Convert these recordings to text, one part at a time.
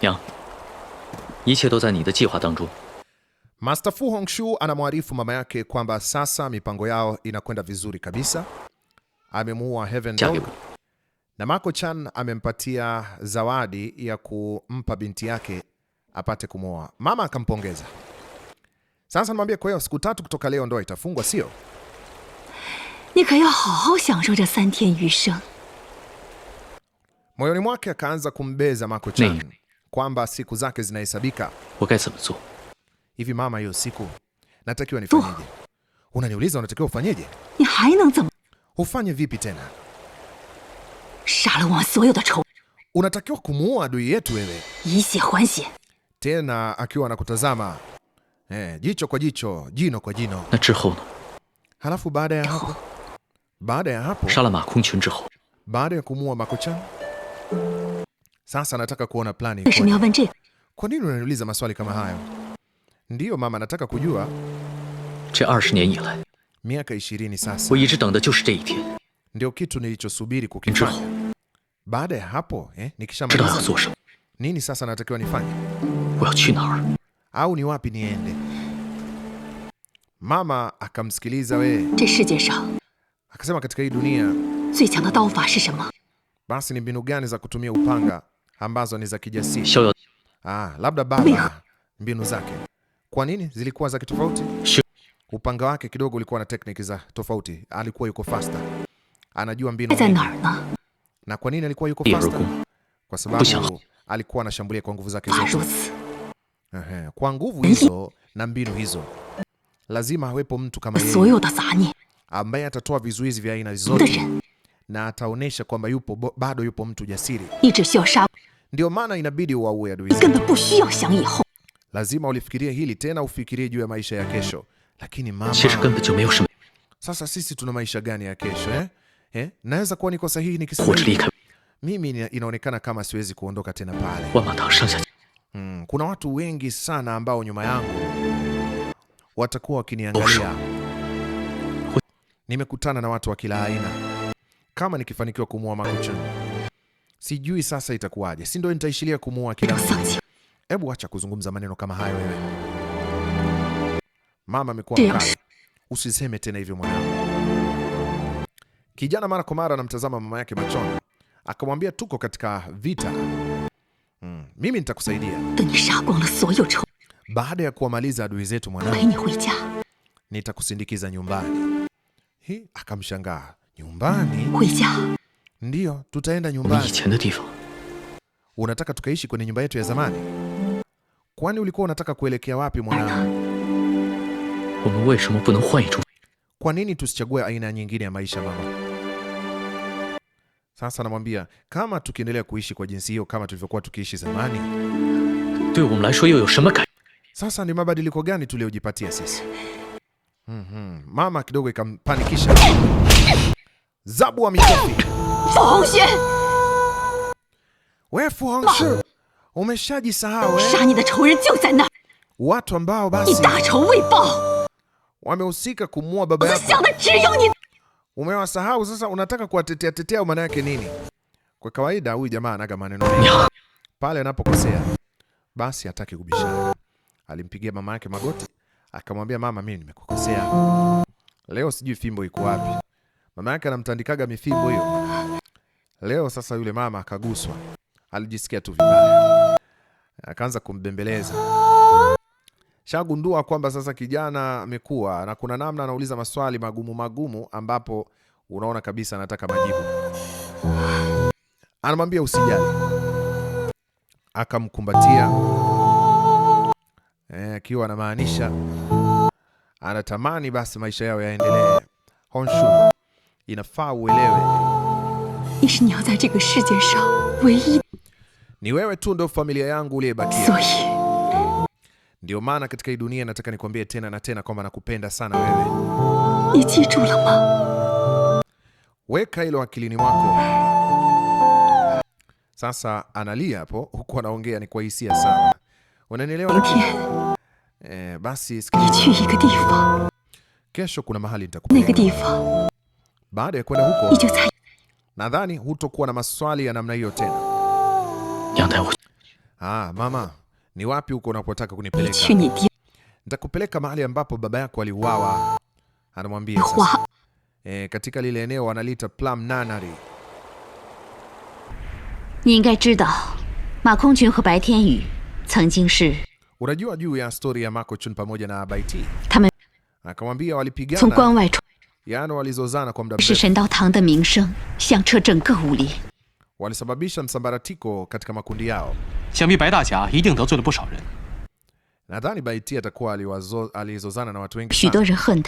娘，一切都在你的计划当中。Master Fu Hongxue anamwarifu mama yake kwamba sasa mipango yao inakwenda vizuri kabisa. Amemuua Heaven Dog na Mako Chan amempatia zawadi ya kumpa binti yake apate kumwoa. Mama akampongeza. Sasa namwambia, kwa hiyo siku tatu kutoka leo ndoa itafungwa, sio? Moyoni mwake akaanza kumbeza Mako Chan kwamba siku zake zinahesabika. Hivi mama, hiyo siku natakiwa nifanyeje? Unaniuliza unatakiwa ufanyeje? Ufanye vipi tena? Unatakiwa kumuua adui yetu wewe, tena akiwa anakutazama eh, jicho kwa jicho, jino kwa jino. Halafu baada ya hapo, baada ya hapo, baada ya kumuua Makuchan sasa nataka kuona plani. Kwa nini unaniuliza maswali kama hayo? Ndiyo mama, nataka kujua. Miaka ishirini sasa ndio kitu nilichosubiri kukifanya. Baada ya hapo eh, nikishamaliza nini sasa natakiwa nifanye au ni wapi niende? Mama akamsikiliza we, akasema katika hii dunia basi ni mbinu gani za kutumia upanga ambazo ni za kijasiri. Ah, labda baba mbinu zake kwa nini zilikuwa za kitofauti? Upanga wake kidogo ulikuwa na tekniki za tofauti. Alikuwa yuko faster, anajua mbinu. Na kwa nini alikuwa yuko faster? Kwa sababu alikuwa anashambulia kwa nguvu zake zote. Ehe, kwa nguvu hizo na mbinu hizo, lazima awepo mtu kama yeye ambaye atatoa vizuizi vya aina zote na ataonyesha kwamba yupo bado yupo mtu jasiri. Ndio maana inabidi uwaue adui. Lazima ulifikirie hili tena, ufikirie juu ya maisha ya kesho. Lakini mama, sasa sisi tuna maisha gani ya kesho eh? Eh? Naweza kuwa niko sahihi nikisema mimi inaonekana kama siwezi kuondoka tena pale. Hmm, kuna watu wengi sana ambao nyuma yangu watakuwa wakiniangalia. Nimekutana na watu wa kila aina kama nikifanikiwa kumuua Makucha. Sijui sasa itakuwaje, si ndio nitaishilia kumuua kila mtu. Hebu acha kuzungumza maneno kama hayo wewe. Mama amekuwa mkali. Usiseme tena hivyo mwanangu. Kijana mara kwa mara anamtazama mama yake machoni, akamwambia tuko katika vita. Hmm. mimi nitakusaidia baada ya kuwamaliza adui zetu mwanangu, nitakusindikiza nyumbani. Hi, akamshangaa Nyumbani? Ndiyo, tutaenda nyumbani. Unataka tukaishi kwenye nyumba yetu ya zamani? Kwani ulikuwa unataka kuelekea wapi mwanangu? Kwa nini tusichague aina nyingine ya maisha mama? Sasa namwambia kama tukiendelea kuishi kwa jinsi hiyo kama tulivyokuwa tukiishi zamani, sasa ni mabadiliko gani tuliojipatia sisi? Mm -hmm. Mama kidogo ikampanikisha zabu wa mikuki. Fu Hongxue. Wewe Fu Hongxue, umeshajisahau. Eh? Watu ambao basi wamehusika kumua baba yako. Umewasahau sasa, unataka kuwatetea tetea, maana yake nini? Kwa kawaida huyu jamaa anaga maneno pale anapokosea, basi hataki kubishana. Alimpigia mama yake magoti akamwambia, mama, mimi nimekukosea leo, sijui fimbo iko wapi. Mama yake anamtandikaga mifimbo hiyo. Leo sasa yule mama akaguswa, alijisikia tu vibaya, akaanza kumbembeleza. Shagundua kwamba sasa kijana amekuwa na kuna namna anauliza maswali magumu magumu, ambapo unaona kabisa anataka majibu. Anamwambia usijali, akamkumbatia eh, akiwa e, anamaanisha anatamani basi maisha yao yaendelee. Honshu inafaa uelewe ni wewe tu ndo familia yangu uliyebakia. Ndio maana katika hii dunia nataka nikwambie tena na tena kwamba nakupenda sana wewe. Weka hilo akilini mwako. Sasa analia hapo huku anaongea, ni kwa hisia sana, unanielewa? Eh, basi kesho kuna mahali nitakupa baada ya kwenda huko, nadhani hutokuwa na maswali ya namna hiyo tena. Ah, mama, ni wapi huko unapotaka kunipeleka? Nitakupeleka mahali ambapo baba yako aliuawa. Anamwambia sasa. E, katika lile eneo wanaliita Plum Nunnery. Unajua juu ya stori ya Ma Kongqun pamoja na Bai Tianyu. Akamwambia walipigana Yaani walisababisha msambaratiko katika makundi yao. Nadhani Baitia atakuwa alizozana na watu wengi sana.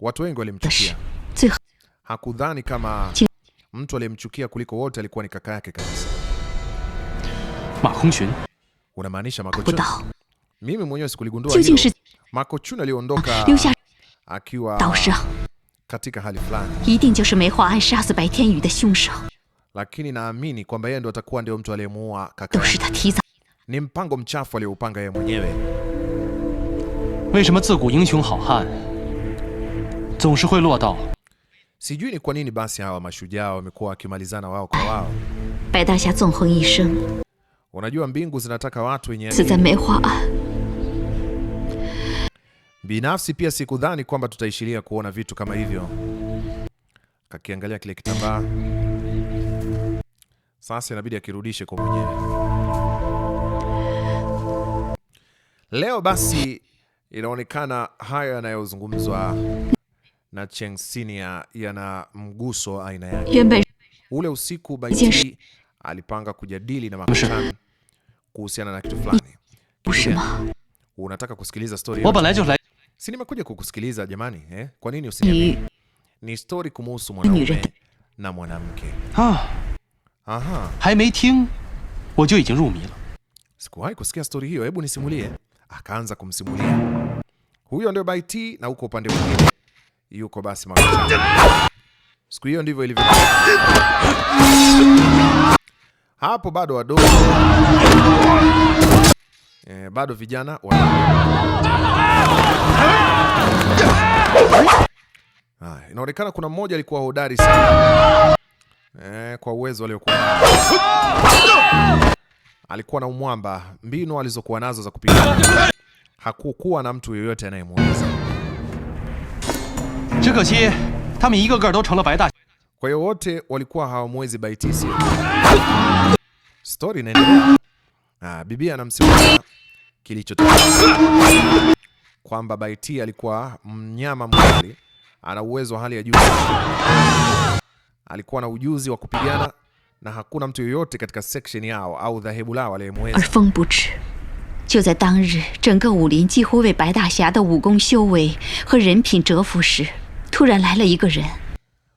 Watu wengi walimchukia. Hakudhani kama mtu aliyemchukia kuliko wote alikuwa ni kaka yake kabisa. Ma Hongxun. Unamaanisha Ma Kongqun? Mimi mwenyewe sikuligundua hilo. Ma Kongqun aliondoka ah, akiwa katika hali fulani. Lakini naamini kwamba yeye ndo atakuwa ndio mtu aliyemuua kaka. Ni mpango mchafu aliyoupanga yeye mwenyewe. Sijui ni kwa nini basi hawa mashujaa wamekuwa wakimalizana wao kwa wao. Unajua mbingu zinataka watu wenye Binafsi pia sikudhani kwamba tutaishiria kuona vitu kama hivyo. Kakiangalia kile kitambaa sasa, inabidi akirudishe kwa mwenyewe. Leo basi inaonekana hayo yanayozungumzwa na Cheng Sinia yana mguso aina yake. Ule usiku Baiti alipanga kujadili na Makashan kuhusiana na kitu fulani. Unataka kusikiliza story? Si nimekuja kukusikiliza jamani eh? Kwa nini usiniambie? Ni story kumuhusu mwanaume na mwanamke. Aha. Hai mei ting, Sikuwahi kusikia story hiyo, hebu nisimulie. Akaanza kumsimulia. Huyo ndio Bai T na huko upande mwingine yuko basi mama. Siku hiyo ndivyo ilivyo. Hapo bado wadogo. Eh, bado vijana wa Ah, inaonekana kuna mmoja alikuwa hodari sana. Eh, kwa uwezo aliokuwa alikuwa na umwamba, mbinu alizokuwa nazo za kupiga, hakukuwa na mtu yeyote anayemweza. Kwa hiyo wote walikuwa hawamwezi baitisi. Story inaendelea. Ah, bibi anamsimulia kilichotokea kwamba Baiti alikuwa mnyama mkali, ana uwezo wa hali ya juu, alikuwa na ujuzi wa kupigana na hakuna mtu yoyote katika section yao au dhahebu lao aliyemweza.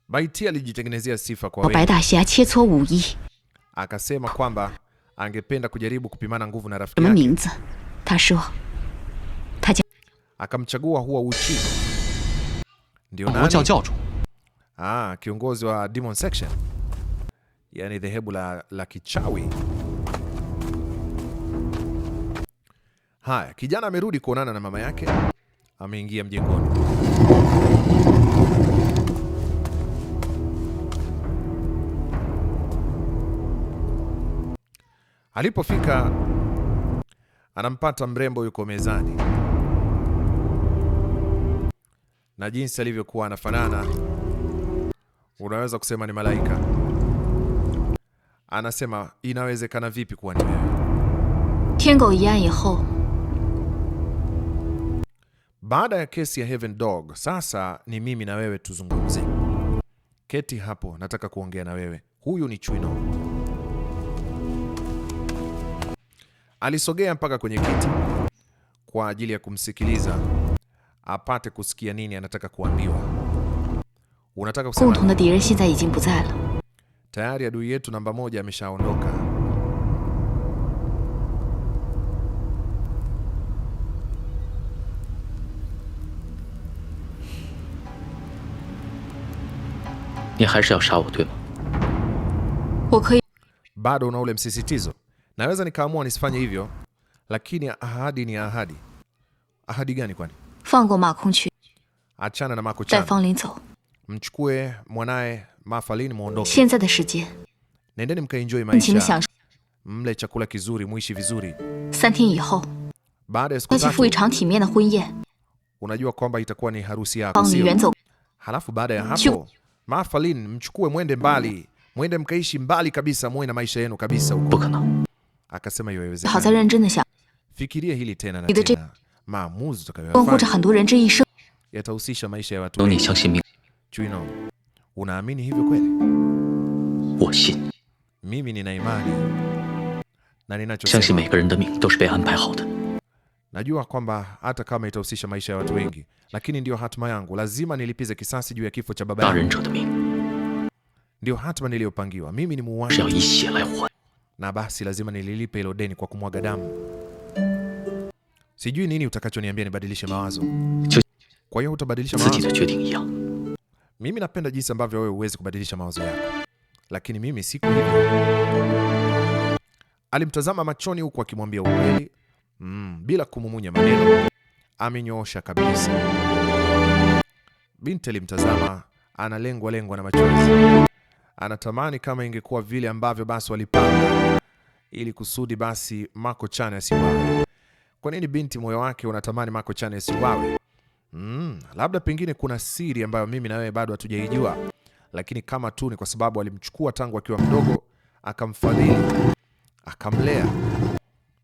Baiti alijitengenezea sifa kwa wengi. Akasema kwamba angependa kujaribu kupimana nguvu na rafiki yake akamchagua huwa Uchi ndio nani? Ah, kiongozi wa Demon Section, yani dhehebu la, la kichawi. Haya, kijana amerudi kuonana na mama yake, ameingia mjengoni. Alipofika anampata mrembo yuko mezani na jinsi alivyokuwa anafanana, unaweza kusema ni malaika. Anasema inawezekana vipi kuwa ni wewe? Baada ya kesi ya Heaven Dog, sasa ni mimi na wewe tuzungumze. Keti hapo, nataka kuongea na wewe. Huyu ni Chwino. Alisogea mpaka kwenye kiti kwa ajili ya kumsikiliza apate kusikia nini anataka kuambiwa. Unataka kusema tayari adui yetu namba moja ameshaondoka. Bado una ule msisitizo. Naweza nikaamua nisifanye hivyo, lakini ahadi ni ahadi. Ahadi gani kwani? 放过马空去，achana na Ma mwanaye Ma Fangling muondoke, mkaenjoy maisha, 享受。mle chakula kizuri, muishi vizuri. 三天以后，Baada ya siku tatu 场体面的婚宴。unajua kwamba itakuwa ni harusi yako, 林 baada ya hapo, Ma mchukue, mwende mbali, mwende mkaishi mbali kabisa, muwe na maisha yenu kabisa huko. 可能。Akasema 好 iwezekana. 在认真的想，Fikiria hili tena na tena maamuzi yatahusisha maisha ya watu wengi. Juino, unaamini hivyo kweli? Mimi nina imani na ninachosema najua kwamba hata kama itahusisha maisha ya watu wengi, lakini ndiyo hatima yangu. Lazima nilipize kisasi juu ya kifo cha baba yangu, ndiyo hatima niliyopangiwa. Mimi ni muuaji, na basi lazima nililipe hilo deni kwa kumwaga damu. Sijui nini utakachoniambia nibadilishe mawazo. Kwa hiyo utabadilisha mawazo. Mimi napenda jinsi ambavyo wewe huwezi kubadilisha mawazo yako, lakini mimi siku hivyo. Alimtazama machoni huku akimwambia ukweli, mm, bila kumumunya maneno. Amenyoosha kabisa. Binti alimtazama, analengwa lengwa na machozi. Anatamani kama ingekuwa vile ambavyo basi walipanga ili kusudi basi Marco Chan asiwa kwa nini binti moyo wake unatamani Marco Chanes wawe? Mm, labda pengine kuna siri ambayo mimi na wewe bado hatujaijua, lakini kama tu ni kwa sababu alimchukua tangu akiwa mdogo, akamfadhili, akamlea,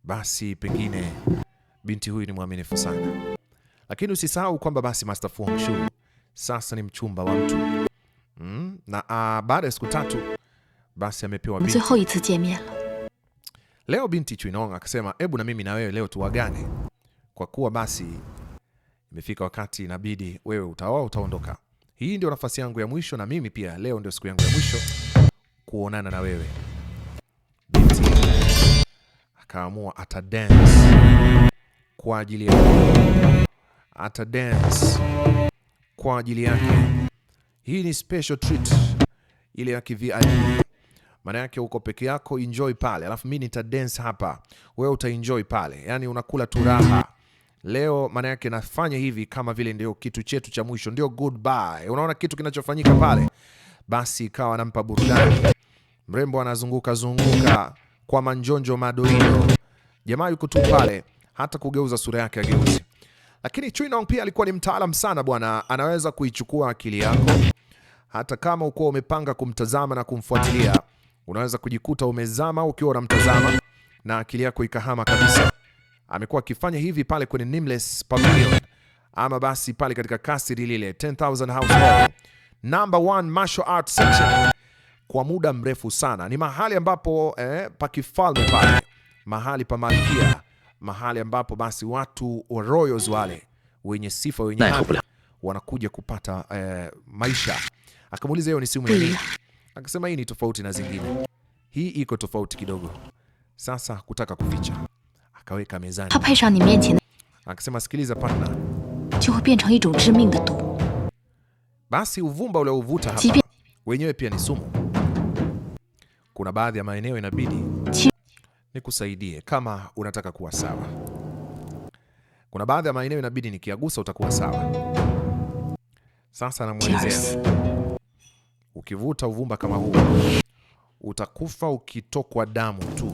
basi pengine binti huyu ni mwaminifu sana. Lakini usisahau kwamba basi Master Fu Hongxue sasa ni mchumba wa mtu mm, na ah, baada ya siku tatu basi amepewa binti Leo binti Chwinong akasema, hebu na mimi na wewe leo tuwagane, kwa kuwa basi imefika wakati inabidi wewe utaoa, utaondoka. Hii ndio nafasi yangu ya mwisho, na mimi pia leo ndio siku yangu ya mwisho kuonana na wewe. Binti akaamua ata dance kwa ajili ya ata dance kwa ajili yake. Hii ni special treat ile ya kivi maana yake uko peke yako, enjoy pale, alafu mimi nita dance hapa, wewe uta enjoy pale, yani unakula tu raha leo. Maana yake nafanya hivi kama vile ndio kitu chetu cha mwisho, ndio goodbye. Unaona kitu kinachofanyika pale, basi ikawa anampa burudani. Mrembo anazunguka zunguka kwa manjonjo madoido, jamaa yuko tu pale, hata kugeuza sura yake ageuzi. Lakini Chui Nong pia alikuwa ni mtaalam sana bwana, anaweza kuichukua akili yako hata kama ukuwa umepanga kumtazama na kumfuatilia Unaweza kujikuta umezama ukiwa unamtazama na akili yako ikahama kabisa. Amekuwa akifanya hivi pale kwenye Nameless Pavilion ama basi pale katika kasri lile 10000 House Hall number 1 martial arts section kwa muda mrefu sana. Ni mahali ambapo eh, pa kifalme pale, mahali pa malkia, mahali ambapo basi watu wa royals wale wenye sifa wenye wanakuja kupata eh, maisha. Akamuuliza hiyo ni simu ya nini? Akasema hii ni tofauti na zingine, hii iko tofauti kidogo. Sasa kutaka kuficha, akaweka mezani, akasema sikiliza partner, basi uvumba ule uvuta hapa wenyewe pia ni sumu. Kuna baadhi ya maeneo inabidi nikusaidie kama unataka kuwa sawa. Kuna baadhi ya maeneo inabidi nikiagusa utakuwa sawa. Sasa namuelezea. Ukivuta uvumba kama huu utakufa ukitokwa damu tu.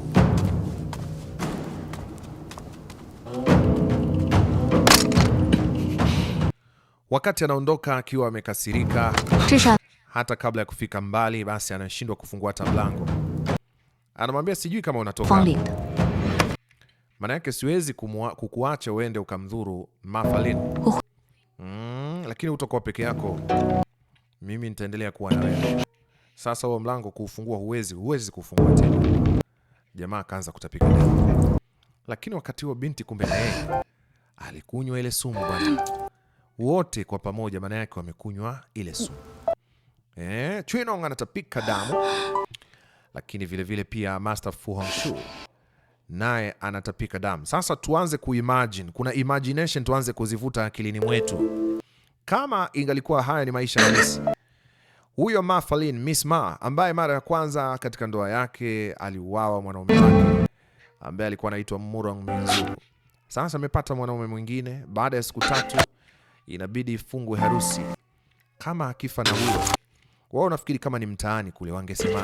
Wakati anaondoka akiwa amekasirika, hata kabla ya kufika mbali, basi anashindwa kufungua hata mlango. Anamwambia sijui kama unatoka, maana yake siwezi kukuacha uende ukamdhuru Mafalin. Oh. Mm, lakini utakuwa peke yako mimi nitaendelea kuwa na wewe. Sasa huo mlango kuufungua huwezi, huwezi kufungua tena. Jamaa akaanza kutapika, lakini wakati huo binti kumbe na yeye alikunywa ile sumu bwana. Wote kwa pamoja, maana yake wamekunywa ile sumu. Eh, Chwinong anatapika damu, lakini vile vile pia Master Fu Hongxue naye anatapika damu. Sasa tuanze kuimagine, kuna imagination tuanze kuzivuta akilini mwetu. Kama ingalikuwa haya ni maisha ya Messi, huyo Ma Fangling, Miss Ma, ambaye mara ya kwanza katika ndoa yake aliuawa mwanaume wake ambaye alikuwa anaitwa Murong Minzu. Sasa amepata mwanaume mwingine, baada ya siku tatu inabidi ifungwe harusi. Kama akifa na huyo, wao unafikiri kama ni mtaani kule wangesema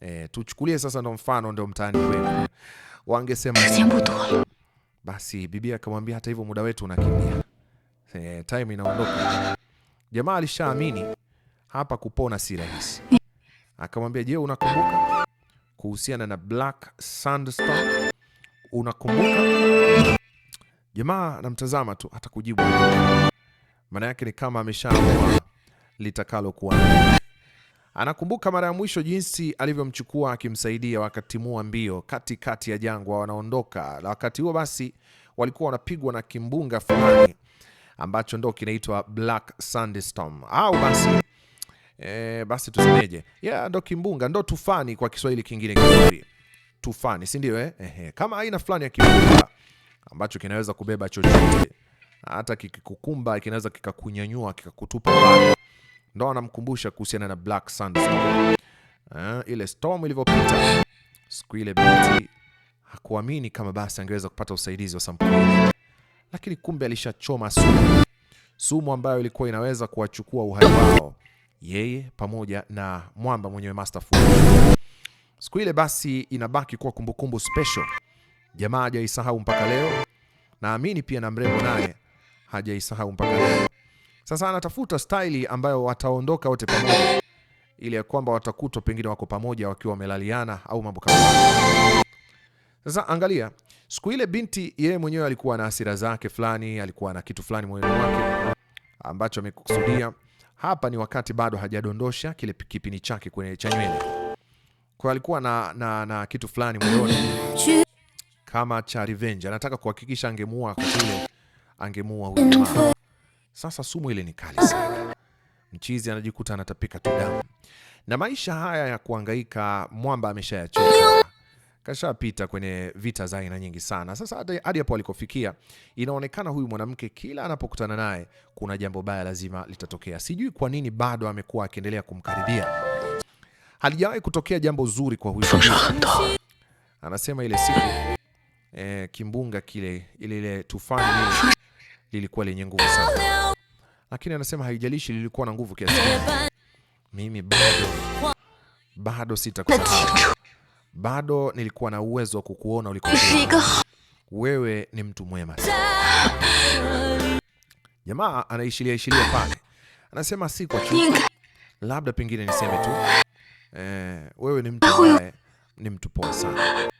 e, tuchukulie sasa ndo mfano ndo mtaani kwenu, wangesema basi. Bibi akamwambia hata hivyo muda wetu unakimbia. Eh, time inaondoka. Jamaa alishaamini hapa kupona si rahisi. Akamwambia, je, unakumbuka kuhusiana na Black Sandstorm? Unakumbuka? Jamaa anamtazama tu, hata kujibu. Maana yake ni kama ameshaamua litakalo kuwa. Anakumbuka mara ya mwisho jinsi alivyomchukua akimsaidia wakatimua mbio kati kati ya jangwa, wanaondoka. Na wakati huo basi walikuwa wanapigwa na kimbunga fulani ambacho ndo kinaitwa Black Sandstorm au basi e, basi tusemeje, yeah, ndo kimbunga, ndo tufani kwa Kiswahili kingine kizuri, tufani, si ndio eh? Ehe, kama aina fulani ya kimbunga ambacho kinaweza kubeba chochote, hata kikikukumba kinaweza kikakunyanyua kikakutupa mbali. Ndo anamkumbusha kuhusiana na Black Sandstorm. eh, ile storm ilivyopita siku ile, binti hakuamini kama basi angeweza kupata usaidizi wa sampuli lakini kumbe alishachoma sumu, sumu ambayo ilikuwa inaweza kuwachukua uhai wao, yeye pamoja na mwamba mwenyewe Master Fu. Siku ile basi inabaki kuwa kumbukumbu special, jamaa hajaisahau mpaka leo. Naamini pia na mrembo naye hajaisahau mpaka leo. Sasa anatafuta staili ambayo wataondoka wote pamoja, ili ya kwamba watakutwa pengine wako pamoja wakiwa wamelaliana au mambo kama. Sasa angalia Siku ile binti yeye mwenyewe alikuwa na hasira zake fulani, alikuwa na kitu fulani moyoni mwake ambacho amekusudia. Hapa ni wakati bado hajadondosha kile kipini chake kwenye cha nywele, kwa alikuwa na, na, na kitu fulani moyoni kama cha revenge, anataka kuhakikisha angemuua kule, angemuua huyo. mama. Sasa sumu ile ni kali sana, mchizi anajikuta anatapika tu damu, na maisha haya ya kuangaika mwamba ameshayachoka kashapita kwenye vita za aina nyingi sana. Sasa hadi hapo alikofikia, inaonekana huyu mwanamke kila anapokutana naye kuna jambo baya lazima litatokea. Sijui kwa nini bado amekuwa akiendelea kumkaribia. Halijawahi kutokea jambo zuri kwa huyu. Anasema ile siku e, kimbunga kile, ile ile tufani ile lilikuwa lenye nguvu sana, lakini anasema haijalishi lilikuwa na nguvu kiasi gani, mimi bado bado sitakusahau bado nilikuwa na uwezo wa kukuona uliko. Wewe ni mtu mwema. Jamaa anaishilia ishilia pale, anasema si kwa chuki, labda pengine niseme tu eh, wewe ni mtu ah, mwema, ni mtu poa sana,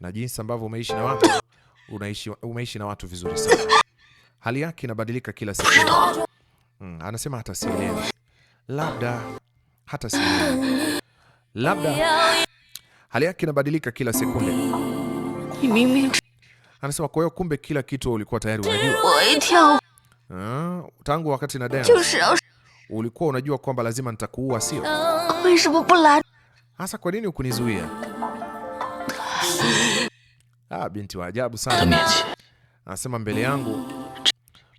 na jinsi ambavyo umeishi na watu unaishi, umeishi na watu vizuri sana. Hali yake inabadilika kila siku hmm, anasema hata sielewi, labda hata sielewi, labda hali yake inabadilika kila sekunde. Anasema kwa hiyo kumbe kila kitu ulikuwa tayari unajua. Ah, tangu wakati na dance. ulikuwa unajua kwamba lazima nitakuua, sio? Hasa kwa nini ukunizuia? Ah, binti wa ajabu sana. Anasema mbele yangu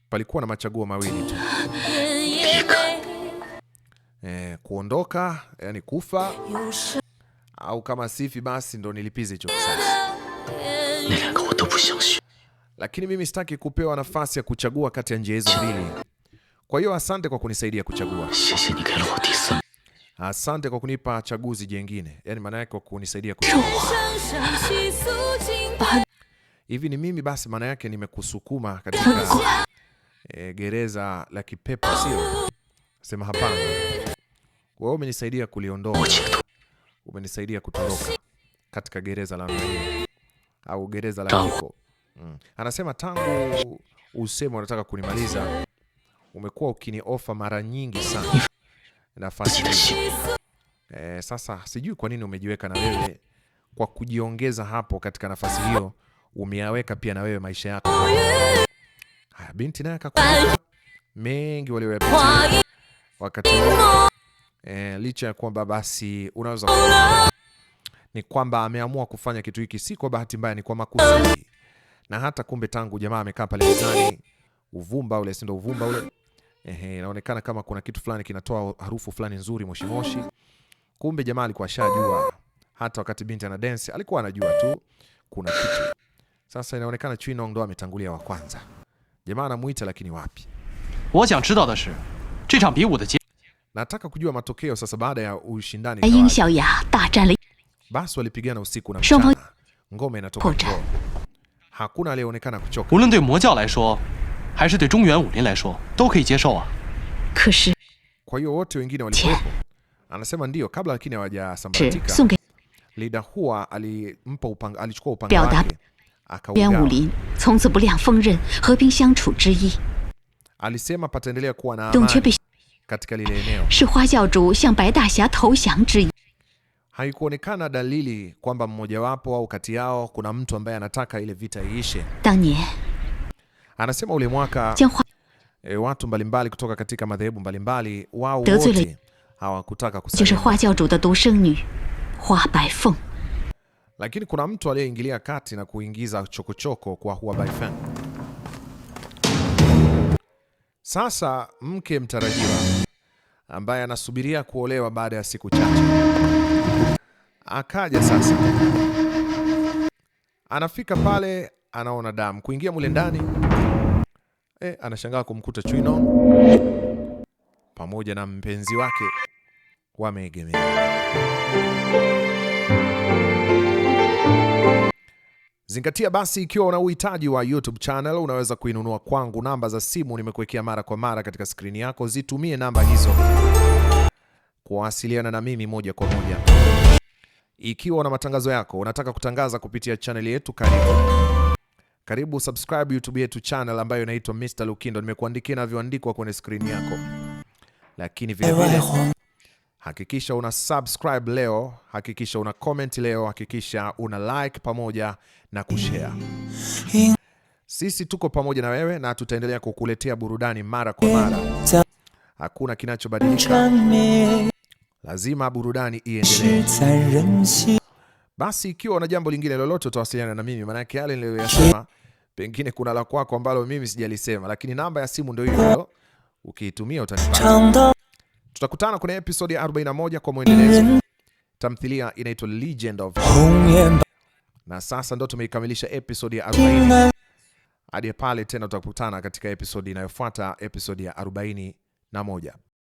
palikuwa na machaguo mawili tu. Eh, kuondoka, yani kufa au kama sifi basi ndo nilipize hicho kisasi. Lakini mimi sitaki kupewa nafasi ya kuchagua kati ya njia hizo mbili. Kwa hiyo asante kwa kunisaidia kuchagua. Asante kwa kunipa chaguzi jingine. Yaani maana yake kwa kunisaidia kuchagua. Hivi ni mimi basi maana yake nimekusukuma katika e, gereza la kipepo sio? Sema hapana. Wewe umenisaidia kuliondoa umenisaidia kutoroka katika gereza la au gereza la Mm. Anasema tangu useme unataka kunimaliza, umekuwa ukiniofa mara nyingi sana nafasi eh. Sasa sijui kwa nini umejiweka na wewe kwa kujiongeza hapo katika nafasi hiyo, umeaweka pia na wewe maisha yako. Haya, binti naye akakumbuka mengi walioyapitia wakati eh, licha ya kwamba basi unaweza ni kwamba ameamua kufanya kitu hiki si kwa bahati mbaya, ni kwa makusudi. Na hata kumbe tangu jamaa amekaa pale mezani, uvumba ule, sindo, uvumba ule? Ehe, inaonekana kama kuna kitu fulani kinatoa harufu fulani nzuri, moshi moshi. Kumbe jamaa alikuwa ashajua, hata wakati binti ana dance alikuwa anajua tu kuna kitu. Sasa inaonekana Chui Nong ndo ametangulia wa kwanza. Jamaa anamuita lakini wapi? Nataka kujua matokeo sasa baada ya ushindani. Basi walipigana usiku na mchana. Ngome inatoka. Hakuna aliyeonekana kuchoka. Kwa hiyo wote wengine walikuwepo. Anasema ndio kabla lakini hawajasambaratika. Lida Hua alimpa upanga, alichukua upanga wake. Akaugawa. Alisema pataendelea kuwa na amani katika lile eneo. Haikuonekana dalili kwamba mmojawapo au kati yao kuna mtu ambaye anataka ile vita iishe. Anasema ule mwaka e, watu mbalimbali kutoka katika madhehebu mbalimbali wao wote hawakutaka kusaidia. Lakini kuna mtu aliyeingilia kati na kuingiza chokochoko choko kwa Hua Baifeng. Sasa mke mtarajiwa ambaye anasubiria kuolewa baada ya siku chache akaja. Sasa anafika pale, anaona damu kuingia mule ndani e, anashangaa kumkuta chwino pamoja na mpenzi wake wameegemea Zingatia basi, ikiwa una uhitaji wa YouTube channel unaweza kuinunua kwangu. Namba za simu nimekuwekea mara kwa mara katika skrini yako, zitumie namba hizo kuwasiliana na mimi moja kwa moja. Ikiwa una matangazo yako unataka kutangaza kupitia channel yetu, karibu karibu subscribe YouTube yetu channel ambayo inaitwa Mr. Lukindo, nimekuandikia inavyoandikwa kwenye skrini yako, lakini vile Hakikisha una subscribe leo, hakikisha una comment leo, hakikisha una like pamoja na kushare. Sisi tuko pamoja na wewe na tutaendelea kukuletea burudani mara kwa mara. Hakuna kinachobadilika, lazima burudani iendelee. Basi ikiwa una jambo lingine lolote, utawasiliana na mimi, maanake yale niliyoyasema pengine kuna la kwako ambalo mimi sijalisema, lakini namba ya simu ndio hiyo, ukiitumia utanipata. Tutakutana kwenye episodi ya 41 kwa mwendelezo. Tamthilia inaitwa Legend of na sasa ndo tumeikamilisha episode ya 40. Hadi pale tena tutakutana katika episodi inayofuata, episodi ya 41.